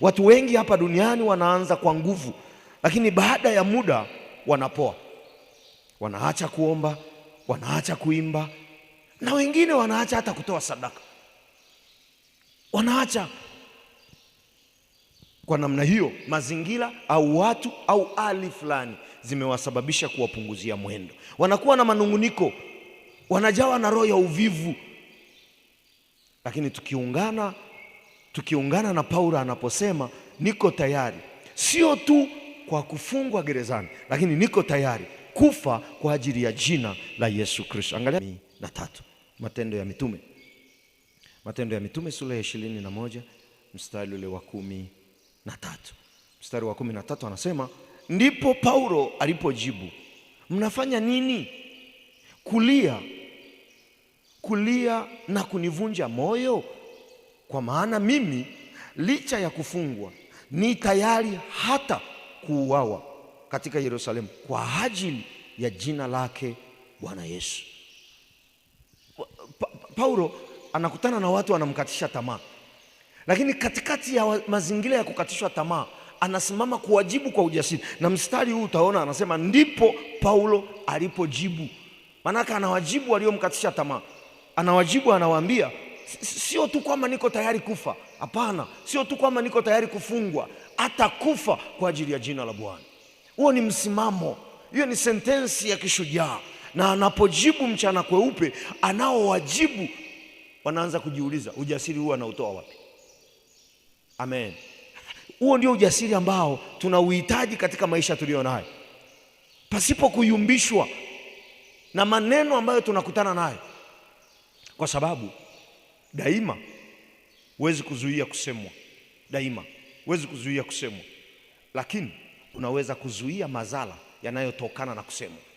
Watu wengi hapa duniani wanaanza kwa nguvu, lakini baada ya muda wanapoa, wanaacha kuomba, wanaacha kuimba, na wengine wanaacha hata kutoa sadaka, wanaacha kwa namna hiyo. Mazingira au watu au hali fulani zimewasababisha kuwapunguzia mwendo, wanakuwa na manunguniko, wanajawa na roho ya uvivu, lakini tukiungana tukiungana na Paulo anaposema niko tayari, sio tu kwa kufungwa gerezani, lakini niko tayari kufa kwa ajili ya jina la Yesu Kristo. Angalia na tatu, Matendo ya Mitume, Matendo ya Mitume sura ya ishirini na moja mstari ule wa kumi na tatu mstari wa kumi na tatu anasema ndipo Paulo alipojibu, mnafanya nini kulia kulia na kunivunja moyo? Kwa maana mimi licha ya kufungwa ni tayari hata kuuawa katika Yerusalemu kwa ajili ya jina lake Bwana Yesu. Pa Paulo anakutana na watu wanamkatisha tamaa, lakini katikati ya mazingira ya kukatishwa tamaa anasimama kuwajibu kwa ujasiri, na mstari huu utaona anasema, ndipo Paulo alipojibu. Maanake anawajibu waliomkatisha tamaa, anawajibu, anawaambia sio tu kwamba niko tayari kufa, hapana. Sio tu kwamba niko tayari kufungwa, hata kufa kwa ajili ya jina la Bwana. Huo ni msimamo, hiyo ni sentensi ya kishujaa. Na anapojibu mchana kweupe, anaowajibu wanaanza kujiuliza, ujasiri huu anautoa wapi? Amen. Huo ndio ujasiri ambao tunauhitaji katika maisha tuliyo nayo, pasipo kuyumbishwa na maneno ambayo tunakutana nayo, kwa sababu Daima huwezi kuzuia kusemwa, daima huwezi kuzuia kusemwa, lakini unaweza kuzuia madhara yanayotokana na kusemwa.